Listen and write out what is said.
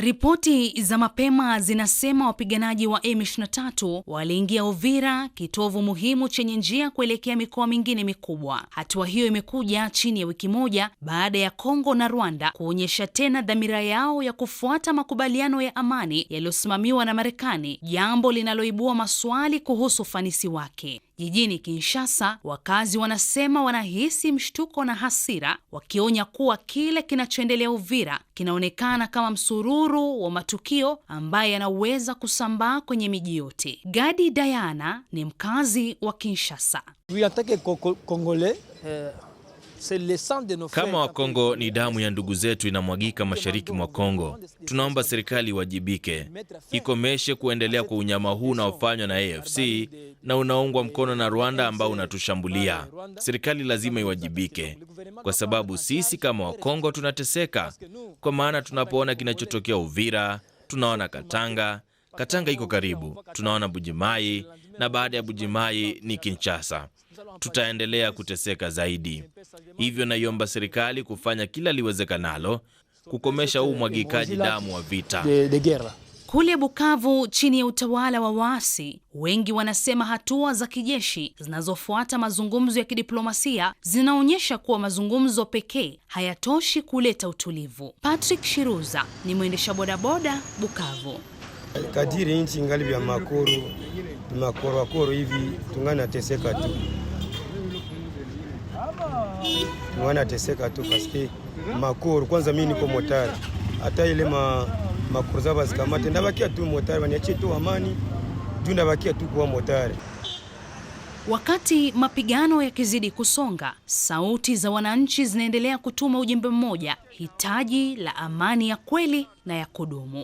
Ripoti za mapema zinasema wapiganaji wa M23 waliingia Uvira, kitovu muhimu chenye njia kuelekea mikoa mingine mikubwa. Hatua hiyo imekuja chini ya wiki moja baada ya Kongo na Rwanda kuonyesha tena dhamira yao ya kufuata makubaliano ya amani yaliyosimamiwa na Marekani, jambo linaloibua maswali kuhusu ufanisi wake. Jijini Kinshasa, wakazi wanasema wanahisi mshtuko na hasira, wakionya kuwa kile kinachoendelea Uvira kinaonekana kama msururu wa matukio ambaye yanaweza kusambaa kwenye miji yote. Gadi Dayana ni mkazi wa Kinshasa. Kama Wakongo ni damu ya ndugu zetu inamwagika mashariki mwa Kongo. Tunaomba serikali iwajibike, ikomeshe kuendelea kwa unyama huu unaofanywa na AFC na unaungwa mkono na Rwanda ambao unatushambulia. Serikali lazima iwajibike, kwa sababu sisi kama Wakongo tunateseka, kwa maana tunapoona kinachotokea Uvira, tunaona Katanga Katanga iko karibu, tunaona Bujimai na baada ya Bujimai ni Kinshasa. Tutaendelea kuteseka zaidi, hivyo naiomba serikali kufanya kila liwezekanalo kukomesha huu mwagikaji damu wa vita. Kule Bukavu chini ya utawala wa waasi, wengi wanasema hatua za kijeshi zinazofuata mazungumzo ya kidiplomasia zinaonyesha kuwa mazungumzo pekee hayatoshi kuleta utulivu. Patrick Shiruza ni mwendesha bodaboda Bukavu kadiri nchi ngali vya makoro makoro akoro hivi tungana nateseka tu, tungana nateseka tu paske makoro kwanza, mimi niko motari, hata ile ma makoro zao bazikamate, ndabakia tu motari, waniachie tu amani juu ndabakia tu kuwa motari. Wakati mapigano yakizidi kusonga, sauti za wananchi zinaendelea kutuma ujumbe mmoja, hitaji la amani ya kweli na ya kudumu.